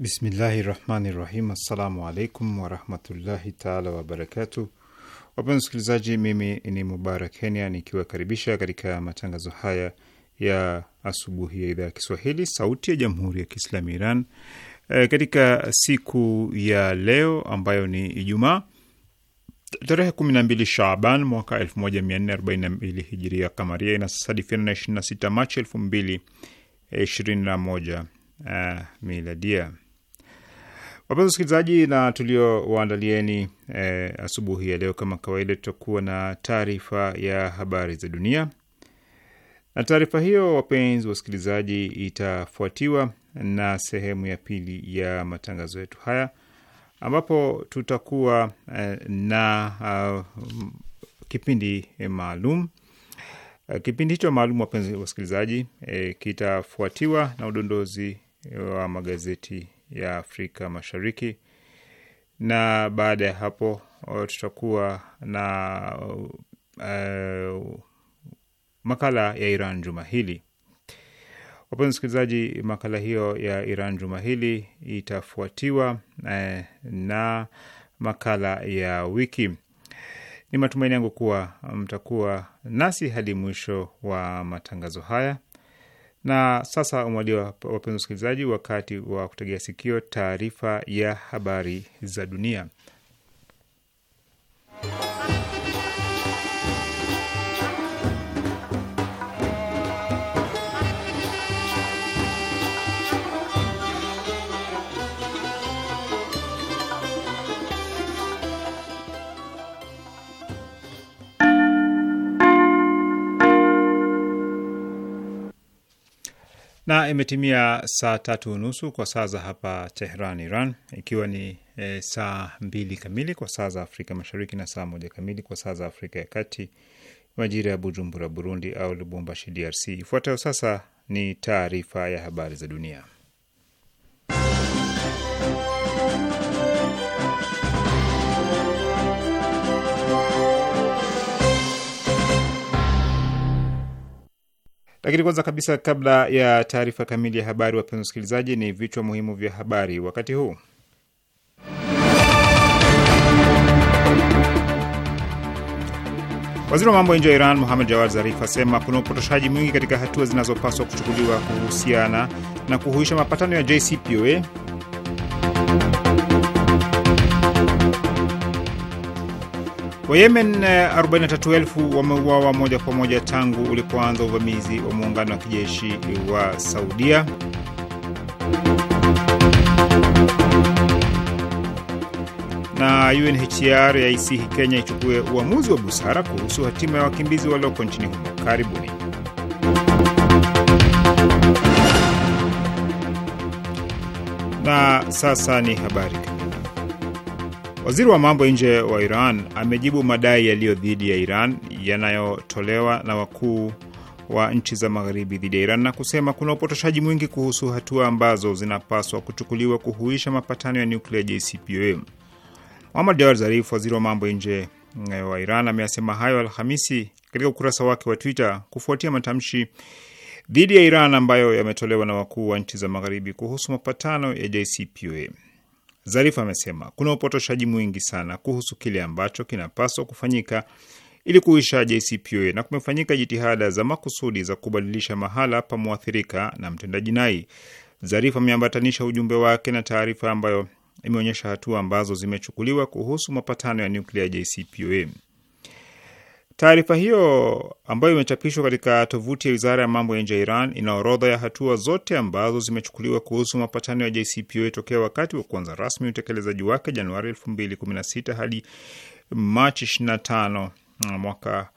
Bismillahi rahmani rahim. Assalamu alaikum warahmatullahi taala wabarakatu. Wapenzi msikilizaji, mimi ni Mubarak Kenya nikiwakaribisha katika matangazo haya ya asubuhi ya idhaa ya Kiswahili sauti ya jamhuri ya Kiislami Iran e, katika siku ya leo ambayo ni Ijumaa tarehe 12 Shaaban mwaka 1442 hijiria kamaria inasadifiana na 26 Machi 2021 e, miladia. Wapenzi wasikilizaji, na tuliowaandalieni e, asubuhi ya leo, kama kawaida, tutakuwa na taarifa ya habari za dunia, na taarifa hiyo, wapenzi wasikilizaji, itafuatiwa na sehemu ya pili ya matangazo yetu haya ambapo tutakuwa e, na uh, kipindi e, maalum Kipindi hicho maalum wapenzi wasikilizaji, e, kitafuatiwa na udondozi wa magazeti ya Afrika Mashariki, na baada ya hapo uh, tutakuwa na uh, uh, makala ya Iran juma hili. Wapenzi msikilizaji, makala hiyo ya Iran juma hili itafuatiwa eh, na makala ya wiki. Ni matumaini yangu kuwa mtakuwa nasi hadi mwisho wa matangazo haya. Na sasa umewadia, wapenzi wasikilizaji, wakati wa kutegea sikio taarifa ya habari za dunia. na imetimia saa tatu unusu kwa saa za hapa Tehran, Iran, ikiwa ni e, saa mbili kamili kwa saa za Afrika Mashariki na saa moja kamili kwa saa za Afrika ya Kati, majira ya Bujumbura, Burundi, au Lubumbashi, DRC. Ifuatayo sasa ni taarifa ya habari za dunia. Lakini kwanza kabisa, kabla ya taarifa kamili ya habari, wapenzi wasikilizaji, ni vichwa muhimu vya habari wakati huu. Waziri wa mambo ya nje wa Iran Muhamed Jawad Zarif asema kuna upotoshaji mwingi katika hatua zinazopaswa kuchukuliwa kuhusiana na kuhuisha mapatano ya JCPOA Huko Yemen, 43,000 eh, wameuawa moja kwa moja tangu ulipoanza uvamizi wa muungano wa kijeshi wa Saudia. Na UNHCR yaisihi Kenya ichukue uamuzi wa busara kuhusu hatima ya wakimbizi walioko nchini humo. Karibuni. Na sasa ni habari Waziri wa mambo nje wa Iran amejibu madai yaliyo dhidi ya Iran yanayotolewa na wakuu wa nchi za magharibi dhidi ya Iran na kusema kuna upotoshaji mwingi kuhusu hatua ambazo zinapaswa kuchukuliwa kuhuisha mapatano ya nuklia JCPOA. Muhammad Jawad Zarif, waziri wa mambo nje eh, wa Iran, ameyasema hayo Alhamisi katika ukurasa wake wa Twitter kufuatia matamshi dhidi ya Iran ambayo yametolewa na wakuu wa nchi za magharibi kuhusu mapatano ya JCPOA. Zarif amesema kuna upotoshaji mwingi sana kuhusu kile ambacho kinapaswa kufanyika ili kuisha JCPOA na kumefanyika jitihada za makusudi za kubadilisha mahala pa mwathirika na mtenda jinai. Zarif ameambatanisha ujumbe wake na taarifa ambayo imeonyesha hatua ambazo zimechukuliwa kuhusu mapatano ya nyuklia JCPOA. Taarifa hiyo ambayo imechapishwa katika tovuti ya wizara ya mambo ya nje ya Iran ina orodha ya hatua zote ambazo zimechukuliwa kuhusu mapatano ya JCPOA tokea wakati wa kuanza rasmi utekelezaji wake Januari 2016 hadi Machi 25 uh, mwaka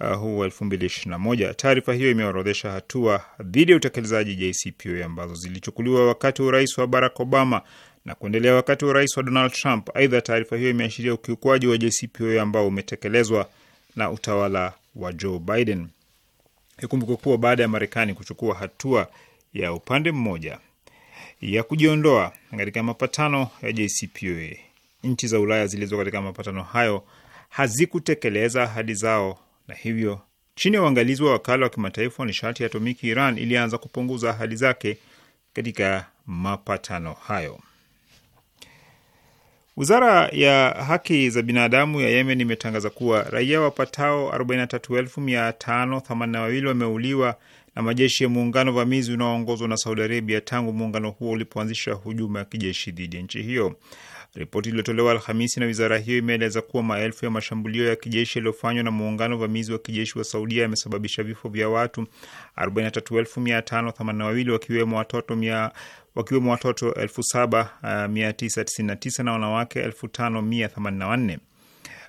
uh, huu wa 2021. Taarifa hiyo imeorodhesha hatua dhidi ya utekelezaji JCPOA ambazo zilichukuliwa wakati wa urais wa Barack Obama na kuendelea wakati wa urais wa Donald Trump. Aidha, taarifa hiyo imeashiria ukiukwaji wa JCPOA ambao umetekelezwa na utawala wa Joe Biden. Ikumbukwe kuwa baada ya Marekani kuchukua hatua ya upande mmoja ya kujiondoa katika mapatano ya JCPOA, nchi za Ulaya zilizo katika mapatano hayo hazikutekeleza ahadi zao, na hivyo chini ya uangalizi wa wakala wa kimataifa wa nishati ya atomiki Iran ilianza kupunguza ahadi zake katika mapatano hayo. Wizara ya haki za binadamu ya Yemen imetangaza kuwa raia wapatao 43582 wameuliwa na majeshi ya muungano vamizi unaoongozwa na Saudi Arabia tangu muungano huo ulipoanzisha hujuma ya kijeshi dhidi ya nchi hiyo. Ripoti iliyotolewa Alhamisi na wizara hiyo imeeleza kuwa maelfu ya mashambulio ya kijeshi yaliyofanywa na muungano vamizi wa kijeshi wa Saudia yamesababisha vifo vya watu 43582 wakiwemo watoto mia wakiwemo watoto 7999 eh, na wanawake 5184.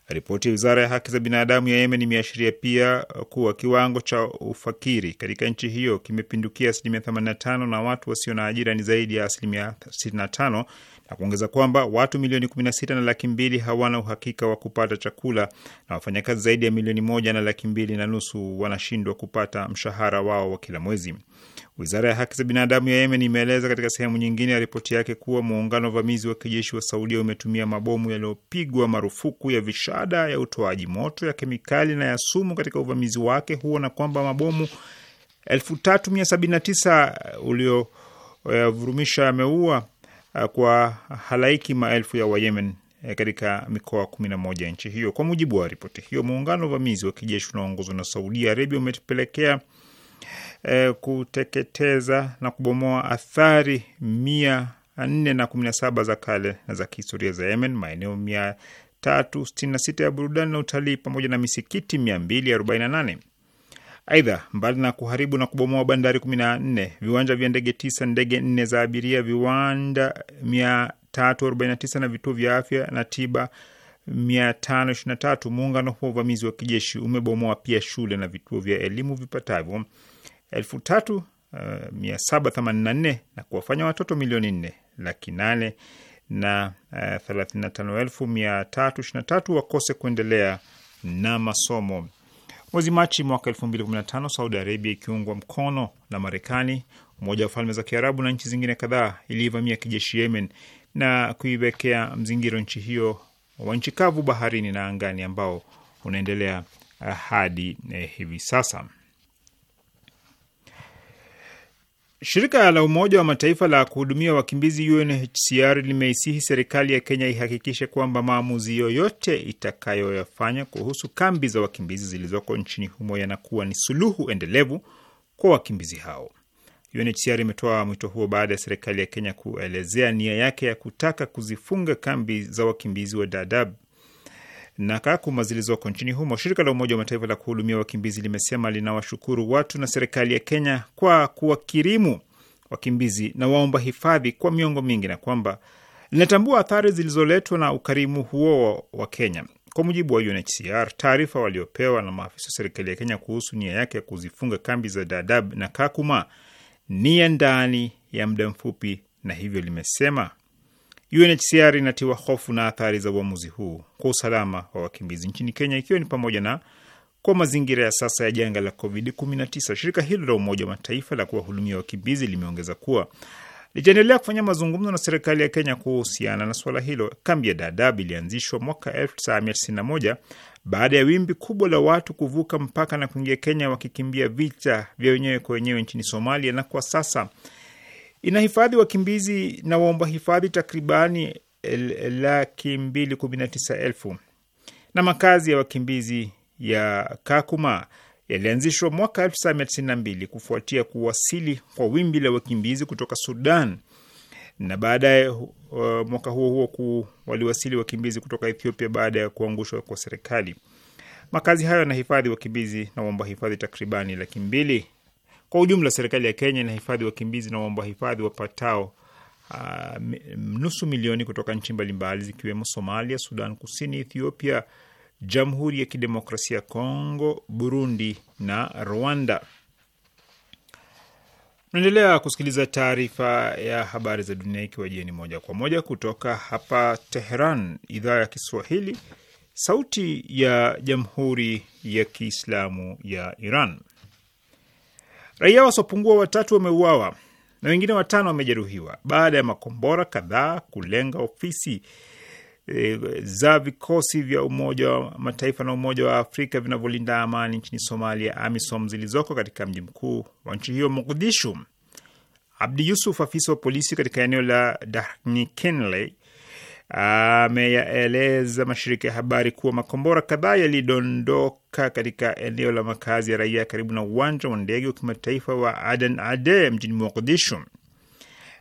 Ripoti ya wizara ya haki za binadamu ya Yemen imeashiria pia kuwa kiwango cha ufakiri katika nchi hiyo kimepindukia asilimia 85 na watu wasio na ajira ni zaidi ya asilimia 65, na kuongeza kwamba watu milioni 16 na laki mbili hawana uhakika wa kupata chakula na wafanyakazi zaidi ya milioni moja na laki mbili na nusu wanashindwa kupata mshahara wao wa kila mwezi. Wizara ya haki za binadamu ya Yemen imeeleza katika sehemu nyingine ya ripoti yake kuwa muungano wa vamizi wa kijeshi wa Saudia umetumia mabomu yaliyopigwa marufuku ya vishada ya utoaji moto ya kemikali na ya sumu katika uvamizi wake huo na kwamba mabomu 3179 uliovurumisha yameua eh, kwa halaiki maelfu ya Wayemen eh, katika mikoa 11 ya nchi hiyo. Kwa mujibu wa ripoti hiyo, muungano wa vamizi wa kijeshi unaoongozwa na Saudia Arabia umepelekea eh, kuteketeza na kubomoa athari mia nne na kumi na saba za kale na za kihistoria za Yemen, maeneo mia tatu sitini na sita ya burudani na utalii pamoja na misikiti mia mbili arobaini na nane. Aidha, mbali na kuharibu na kubomoa bandari 14, viwanja vya ndege tisa, ndege nne za abiria, viwanda 349 na vituo vya afya na tiba 523, muungano huo uvamizi wa kijeshi umebomoa pia shule na vituo vya elimu vipatavyo elfu tatu eh, mia saba themanini na nne na kuwafanya watoto milioni nne laki nane na eh, thelathini na tano elfu mia tatu ishirini na tatu wakose kuendelea na masomo. Mwezi Machi mwaka elfu mbili kumi na tano Saudi Arabia ikiungwa mkono na Marekani, Umoja wa Falme za Kiarabu na nchi zingine kadhaa iliivamia kijeshi Yemen na kuiwekea mzingiro nchi hiyo wa nchi kavu, baharini na angani ambao unaendelea eh, hadi eh, hivi sasa. Shirika la Umoja wa Mataifa la kuhudumia wakimbizi UNHCR limeisihi serikali ya Kenya ihakikishe kwamba maamuzi yoyote itakayoyafanya kuhusu kambi za wakimbizi zilizoko nchini humo yanakuwa ni suluhu endelevu kwa wakimbizi hao. UNHCR imetoa mwito huo baada ya serikali ya Kenya kuelezea nia yake ya kutaka kuzifunga kambi za wakimbizi wa Dadaab na Kakuma zilizoko nchini humo. Shirika la Umoja wa Mataifa la kuhudumia wakimbizi limesema linawashukuru watu na serikali ya Kenya kwa kuwakirimu wakimbizi na waomba hifadhi kwa miongo mingi na kwamba linatambua athari zilizoletwa na ukarimu huo wa Kenya. Kwa mujibu wa UNHCR, taarifa waliopewa na maafisa wa serikali ya Kenya kuhusu nia yake ya kuzifunga kambi za Dadaab na Kakuma ni ya ndani ya muda mfupi, na hivyo limesema UNHCR inatiwa hofu na athari za uamuzi huu kwa usalama wa wakimbizi nchini Kenya, ikiwa ni pamoja na kwa mazingira ya sasa ya janga la COVID-19. Shirika hilo la Umoja wa Mataifa la kuwahudumia wakimbizi limeongeza kuwa litaendelea kufanya mazungumzo na serikali ya Kenya kuhusiana na suala hilo. Kambi ya Dadaab ilianzishwa mwaka 1991 baada ya wimbi kubwa la watu kuvuka mpaka na kuingia Kenya wakikimbia vita vya wenyewe kwa wenyewe nchini Somalia, na kwa sasa ina hifadhi wakimbizi na waomba hifadhi takribani laki mbili kumi na tisa elfu na makazi ya wakimbizi ya Kakuma yalianzishwa mwaka 1992 kufuatia kuwasili kwa wimbi la wakimbizi kutoka Sudan na baadaye uh, mwaka huo huo ku, waliwasili wakimbizi kutoka Ethiopia baada ya kuangushwa kwa serikali. Makazi hayo yanahifadhi wakimbizi na waomba hifadhi takribani laki mbili kwa ujumla, serikali ya Kenya inahifadhi wakimbizi na waomba hifadhi wapatao uh, nusu milioni kutoka nchi mbalimbali zikiwemo Somalia, Sudan Kusini, Ethiopia, Jamhuri ya Kidemokrasia ya Kongo, Burundi na Rwanda. Naendelea kusikiliza taarifa ya habari za dunia ikiwa jieni moja kwa moja kutoka hapa Teheran, idhaa ya Kiswahili, sauti ya Jamhuri ya Kiislamu ya Iran. Raia wasiopungua watatu wameuawa na wengine watano wamejeruhiwa baada ya makombora kadhaa kulenga ofisi e, za vikosi vya Umoja wa Mataifa na Umoja wa Afrika vinavyolinda amani nchini Somalia, AMISOM, zilizoko katika mji mkuu wa nchi hiyo Mogadishu. Abdi Yusuf, afisa wa polisi katika eneo la Dahnikenle, ameyaeleza mashirika ya habari kuwa makombora kadhaa yalidondoka katika eneo la makazi ya raia karibu na uwanja wa ndege wa kimataifa wa Aden Ade mjini Mogadishu.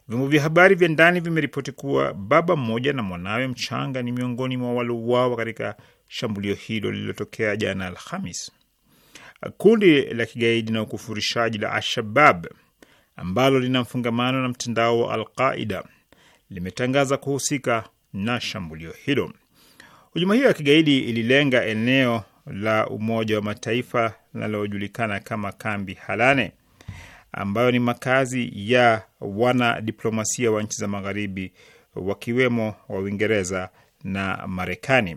Vyombo vya habari vya ndani vimeripoti kuwa baba mmoja na mwanawe mchanga ni miongoni mwa waliouawa katika shambulio hilo lililotokea jana Alhamis. Kundi la kigaidi na ukufurishaji la alshabab ambalo lina mfungamano na mtandao wa Alqaida limetangaza kuhusika na shambulio hilo. Hujuma hiyo ya kigaidi ililenga eneo la Umoja wa Mataifa linalojulikana kama kambi Halane, ambayo ni makazi ya wanadiplomasia wa nchi za Magharibi, wakiwemo wa Uingereza na Marekani.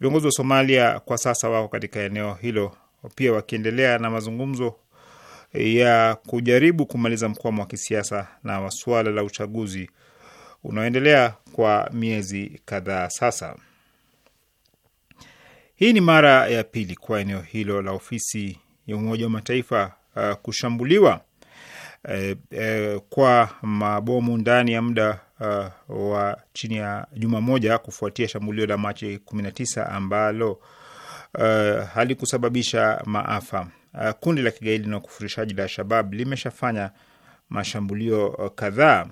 Viongozi wa Somalia kwa sasa wako katika eneo hilo pia wakiendelea na mazungumzo ya kujaribu kumaliza mkwamo wa kisiasa na suala la uchaguzi unaoendelea kwa miezi kadhaa sasa. Hii ni mara ya pili kwa eneo hilo la ofisi ya Umoja wa Mataifa uh, kushambuliwa uh, uh, kwa mabomu ndani ya muda uh, wa chini ya juma moja kufuatia shambulio la Machi 19 ambalo uh, halikusababisha maafa. Uh, kundi la kigaidi na ukufurishaji la Al-Shabab limeshafanya mashambulio uh, kadhaa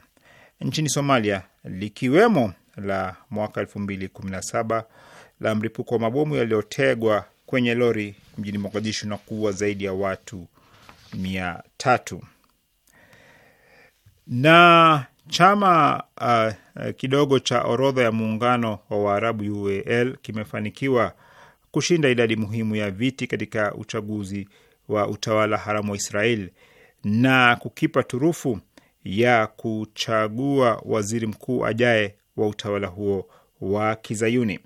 nchini Somalia, likiwemo la mwaka saba la mlipuko wa mabomu yaliyotegwa kwenye lori mjini Mogadishu na kuua zaidi ya watu mia tatu. Na chama uh, kidogo cha orodha ya muungano wa Waarabu UAL kimefanikiwa kushinda idadi muhimu ya viti katika uchaguzi wa utawala haramu wa Israel na kukipa turufu ya kuchagua waziri mkuu ajaye wa utawala huo wa Kizayuni.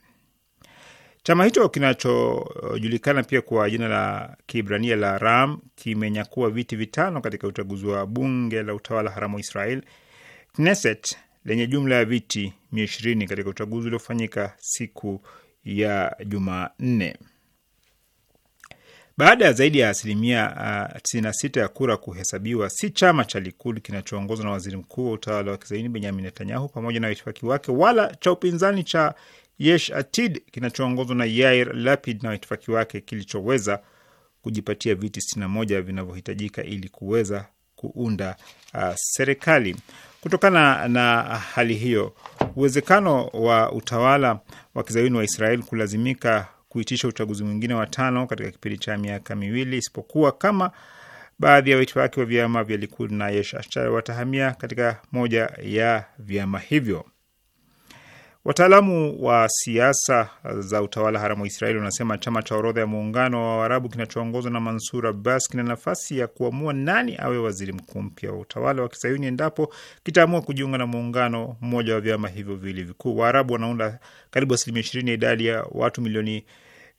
Chama hicho kinachojulikana pia kwa jina la Kiibrania la Ram kimenyakua viti vitano katika uchaguzi wa bunge la utawala haramu wa Israel, Knesset, lenye jumla ya viti mia ishirini katika uchaguzi uliofanyika siku ya Jumanne. Baada ya zaidi ya asilimia uh, 96 ya kura kuhesabiwa, si chama cha Likud kinachoongozwa na waziri mkuu wa utawala wa kizaini Benyamin Netanyahu pamoja na waitifaki wake wala cha upinzani cha Yesh Atid kinachoongozwa na Yair Lapid na waitifaki wake kilichoweza kujipatia viti 61 vinavyohitajika ili kuweza kuunda uh, serikali. Kutokana na hali hiyo, uwezekano wa utawala wa kizayuni wa Israel kulazimika kuitisha uchaguzi mwingine wa tano katika kipindi cha miaka miwili, isipokuwa kama baadhi ya waitifaki wa vyama vya Likud na Yesh Atshar watahamia katika moja ya vyama hivyo. Wataalamu wa siasa za utawala haramu wa Israeli wanasema chama cha orodha ya muungano wa Waarabu kinachoongozwa na Mansur Abbas kina nafasi ya kuamua nani awe waziri mkuu mpya wa utawala wa Kisayuni endapo kitaamua kujiunga na muungano mmoja wa vyama hivyo viwili vikuu. Waarabu wanaunda karibu asilimia ishirini ya idadi ya watu milioni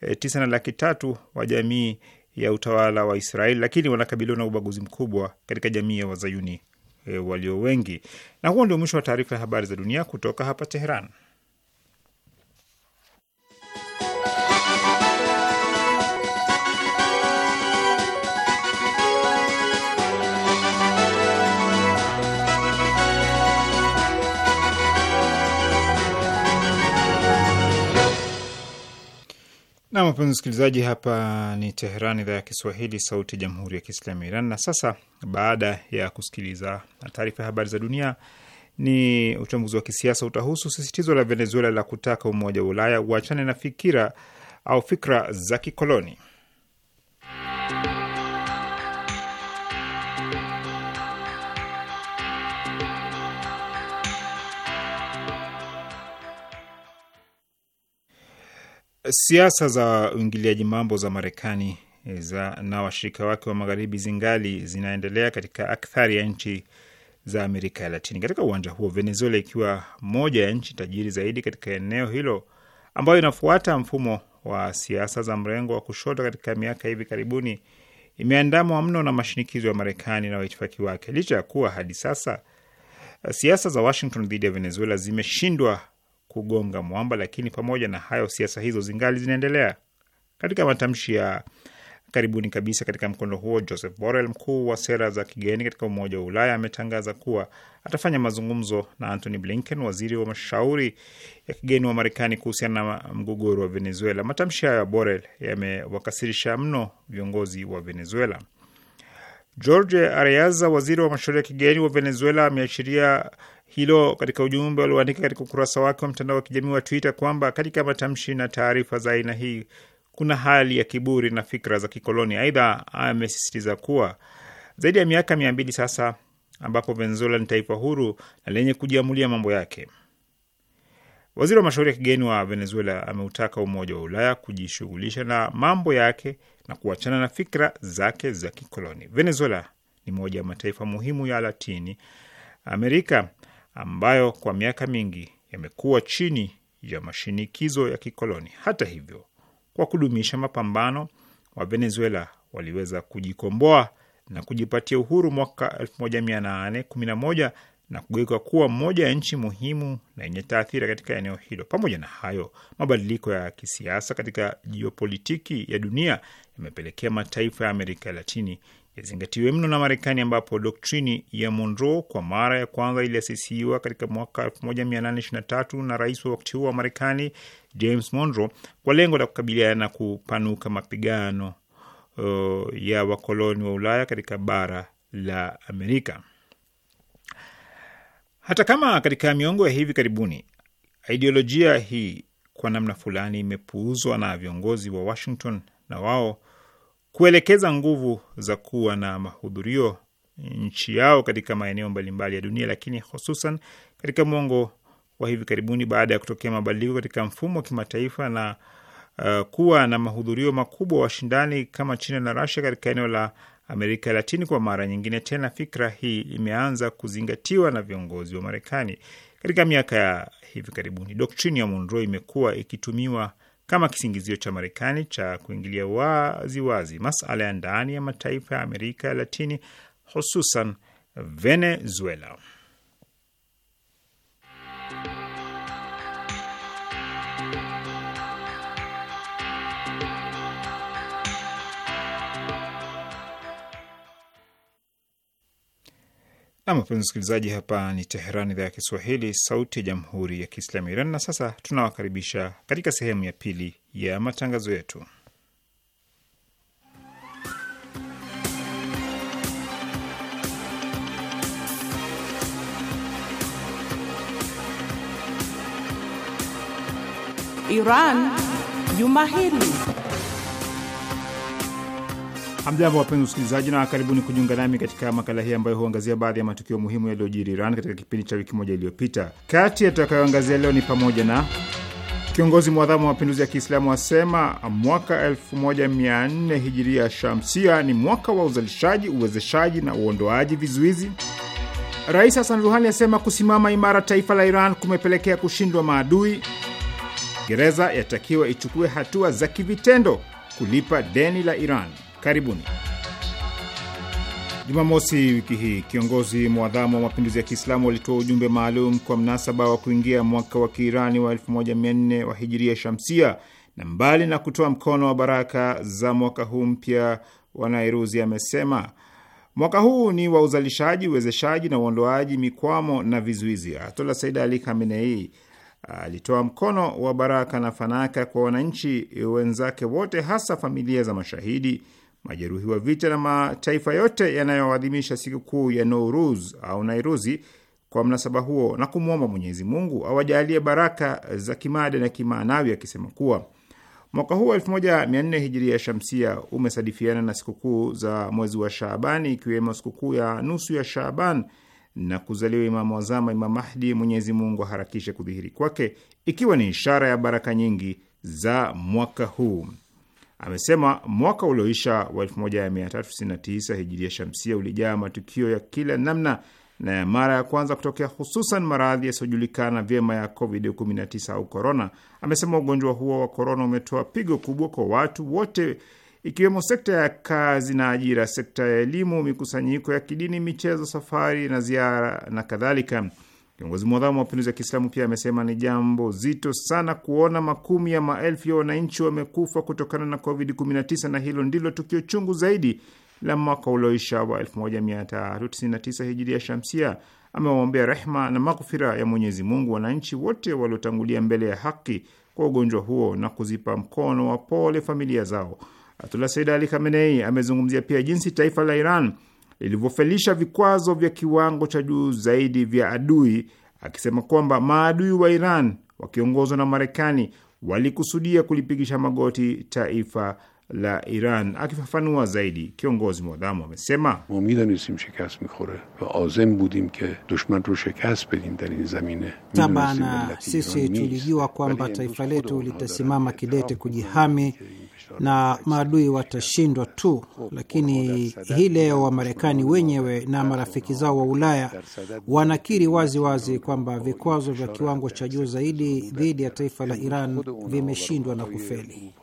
Eh, tisa na laki tatu wa jamii ya utawala wa Israeli, lakini wanakabiliwa na ubaguzi mkubwa katika jamii ya wazayuni e, walio wengi. Na huo ndio mwisho wa taarifa ya habari za dunia kutoka hapa Teheran. Na wapenzi msikilizaji, hapa ni Teheran, idhaa ya Kiswahili, sauti ya jamhuri ya kiislamu ya Iran. Na sasa baada ya kusikiliza taarifa ya habari za dunia, ni uchambuzi wa kisiasa utahusu sisitizo la Venezuela la kutaka umoja wa Ulaya uachane na fikira au fikra za kikoloni. siasa za uingiliaji mambo za Marekani eh, za na washirika wake wa magharibi zingali zinaendelea katika akthari ya nchi za Amerika ya Latini. Katika uwanja huo, Venezuela ikiwa moja ya nchi tajiri zaidi katika eneo hilo, ambayo inafuata mfumo wa siasa za mrengo wa kushoto, katika miaka hivi karibuni imeandamwa mno na mashinikizo ya Marekani na waitifaki wake. Licha ya kuwa hadi sasa eh, siasa za Washington dhidi ya Venezuela zimeshindwa kugonga mwamba, lakini pamoja na hayo siasa hizo zingali zinaendelea. Katika matamshi ya karibuni kabisa katika mkondo huo, Joseph Borrell, mkuu wa sera za kigeni katika Umoja wa Ulaya, ametangaza kuwa atafanya mazungumzo na Antony Blinken, waziri wa mashauri ya kigeni wa Marekani, kuhusiana na mgogoro wa Venezuela. Matamshi hayo ya Borrell yamewakasirisha mno viongozi wa Venezuela. George Areaza, waziri wa mashauri ya kigeni wa Venezuela, ameashiria hilo katika ujumbe alioandika katika ukurasa wake wa mtandao wa kijamii wa Twitter kwamba katika matamshi na taarifa za aina hii kuna hali ya kiburi na fikra za kikoloni. Aidha, amesisitiza kuwa zaidi ya miaka mia mbili sasa ambapo Venezuela ni taifa huru na lenye kujiamulia mambo yake Waziri wa mashauri ya kigeni wa Venezuela ameutaka Umoja wa Ulaya kujishughulisha na mambo yake na kuachana na fikra zake za kikoloni. Venezuela ni moja ya mataifa muhimu ya Latini Amerika ambayo kwa miaka mingi yamekuwa chini ya mashinikizo ya kikoloni. Hata hivyo, kwa kudumisha mapambano, wa Venezuela waliweza kujikomboa na kujipatia uhuru mwaka 1811 na kugeuka kuwa moja ya nchi muhimu na yenye taathira katika eneo hilo. Pamoja na hayo, mabadiliko ya kisiasa katika jiopolitiki ya dunia yamepelekea mataifa ya Amerika Latini yazingatiwe mno na Marekani, ambapo doktrini ya Monroe kwa mara ya kwanza iliasisiwa katika mwaka 1823 na rais wa wakati huo wa Marekani James Monroe kwa lengo la kukabiliana na kupanuka mapigano uh, ya wakoloni wa Ulaya katika bara la Amerika hata kama katika miongo ya hivi karibuni ideolojia hii kwa namna fulani imepuuzwa na viongozi wa Washington na wao kuelekeza nguvu za kuwa na mahudhurio nchi yao katika maeneo mbalimbali ya dunia, lakini hususan katika mwongo wa hivi karibuni baada ya kutokea mabadiliko katika mfumo wa kimataifa na uh, kuwa na mahudhurio makubwa washindani kama China na Russia katika eneo la Amerika Latini. Kwa mara nyingine tena, fikra hii imeanza kuzingatiwa na viongozi wa Marekani. Katika miaka ya hivi karibuni, doktrini ya Monroe imekuwa ikitumiwa kama kisingizio cha Marekani cha kuingilia waziwazi wazi masala ya ndani ya mataifa ya Amerika Latini, hususan Venezuela. Wapenzi msikilizaji, hapa ni Teheran, idhaa ya Kiswahili, sauti ya jamhuri ya kiislamu ya Iran. Na sasa tunawakaribisha katika sehemu ya pili ya matangazo yetu. Iran Juma Hili. Hamjambo wapenzi usikilizaji, na karibuni kujiunga nami katika makala hii ambayo huangazia baadhi ya matukio muhimu yaliyojiri Iran katika kipindi cha wiki moja iliyopita. Kati ya tutakayoangazia leo ni pamoja na kiongozi mwadhamu wa mapinduzi ya Kiislamu asema mwaka 1400 hijiria shamsia ni mwaka wa uzalishaji, uwezeshaji na uondoaji vizuizi. Rais Hasan Ruhani asema kusimama imara taifa la Iran kumepelekea kushindwa maadui. Gereza yatakiwa ichukue hatua za kivitendo kulipa deni la Iran. Karibuni. Jumamosi wiki hii kiongozi mwadhamu wa mapinduzi ya Kiislamu walitoa ujumbe maalum kwa mnasaba wa kuingia mwaka wa Kiirani wa 1400 wa hijiria shamsia, na mbali na kutoa mkono wa baraka za mwaka huu mpya wa Nairuzi, amesema mwaka huu ni wa uzalishaji, uwezeshaji na uondoaji mikwamo na vizuizi. atola Said Ali Khamenei alitoa mkono wa baraka na fanaka kwa wananchi wenzake wote, hasa familia za mashahidi majeruhi wa vita na mataifa yote yanayoadhimisha sikukuu ya Nouruz au Nairuzi kwa mnasaba huo na kumwomba Mwenyezi Mungu awajalie baraka za kimada na kimaanawi, akisema kuwa mwaka huu 14 hijiria shamsia umesadifiana na sikukuu za mwezi wa Shaabani, ikiwemo sikukuu ya nusu ya Shaaban na kuzaliwa Imamu wazama Imam Mahdi, Mwenyezi Mungu aharakishe kudhihiri kwake, ikiwa ni ishara ya baraka nyingi za mwaka huu amesema mwaka ulioisha wa 1399 hijiria shamsia ulijaa matukio ya kila namna na ya mara ya kwanza kutokea, hususan maradhi yasiyojulikana vyema ya COVID-19 au korona. Amesema ugonjwa huo wa korona umetoa pigo kubwa kwa watu wote, ikiwemo sekta ya kazi na ajira, sekta ya elimu, mikusanyiko ya kidini, michezo, safari na ziara na kadhalika. Kiongozi mwadhamu wa mapinduzi ya Kiislamu pia amesema ni jambo zito sana kuona makumi ya maelfu ya wananchi wamekufa kutokana na COVID-19 na hilo ndilo tukio chungu zaidi la mwaka ulioisha wa 1399 hijiri ya shamsia. Amewaombea rehma na maghfira ya Mwenyezi Mungu wananchi wote waliotangulia mbele ya haki kwa ugonjwa huo na kuzipa mkono wa pole familia zao. Atula Said Ali Khamenei amezungumzia pia jinsi taifa la Iran lilivyofelisha vikwazo vya kiwango cha juu zaidi vya adui, akisema kwamba maadui wa Iran wakiongozwa na Marekani walikusudia kulipigisha magoti taifa la Iran. Akifafanua zaidi, kiongozi mwadhamu amesema tabana, sisi tulijua kwamba taifa letu litasimama kidete kujihami na maadui watashindwa tu, lakini hii leo Wamarekani wenyewe na marafiki zao wa Ulaya wanakiri wazi wazi kwamba vikwazo vya kiwango cha juu zaidi dhidi ya taifa la Iran vimeshindwa na kufeli.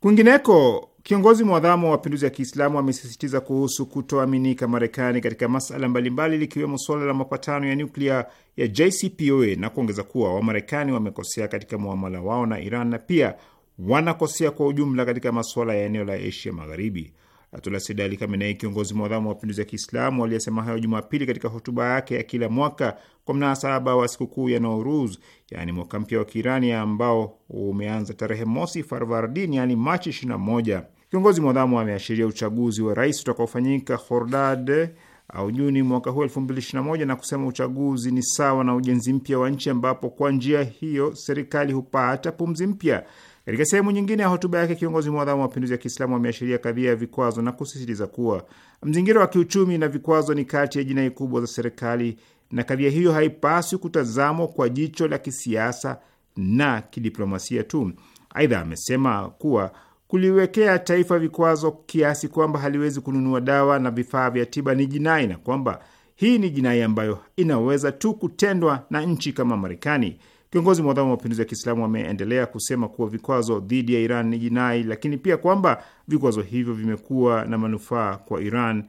Kwingineko Kiongozi mwadhamu wa mapinduzi ya Kiislamu amesisitiza kuhusu kutoaminika Marekani katika masala mbalimbali likiwemo suala la mapatano ya nyuklia ya JCPOA na kuongeza kuwa Wamarekani wamekosea katika muamala wao na Iran na pia wanakosea kwa ujumla katika masuala ya eneo la Asia Magharibi. Ayatullah Sayyid Ali Khamenei, kiongozi mwadhamu wa mapinduzi ya Kiislamu, aliyesema hayo Jumapili katika hotuba yake ya kila mwaka kwa mnasaba wa sikukuu ya Nauruz, yaani mwaka mpya wa Kiirani ambao umeanza tarehe mosi Farvardin, yaani Machi 21. Kiongozi mwadhamu ameashiria uchaguzi wa rais utakaofanyika Hordad au Juni mwaka huu moja na kusema uchaguzi ni sawa na ujenzi mpya wa nchi, ambapo kwa njia hiyo serikali hupata pumzi mpya. Katika sehemu nyingine ya hotuba yake, kiongozi mwadhamu wa mapinduzi ya Kiislamu ameashiria kadhia ya vikwazo na kusisitiza kuwa mzingira wa kiuchumi na vikwazo ni kati ya jinai kubwa za serikali na kadhia hiyo haipaswi kutazamwa kwa jicho la kisiasa na kidiplomasia tu. Aidha, amesema kuwa kuliwekea taifa vikwazo kiasi kwamba haliwezi kununua dawa na vifaa vya tiba ni jinai na kwamba hii ni jinai ambayo inaweza tu kutendwa na nchi kama Marekani. Kiongozi mwadhamu wa mapinduzi ya Kiislamu ameendelea kusema kuwa vikwazo dhidi ya Iran ni jinai, lakini pia kwamba vikwazo hivyo vimekuwa na manufaa kwa Iran,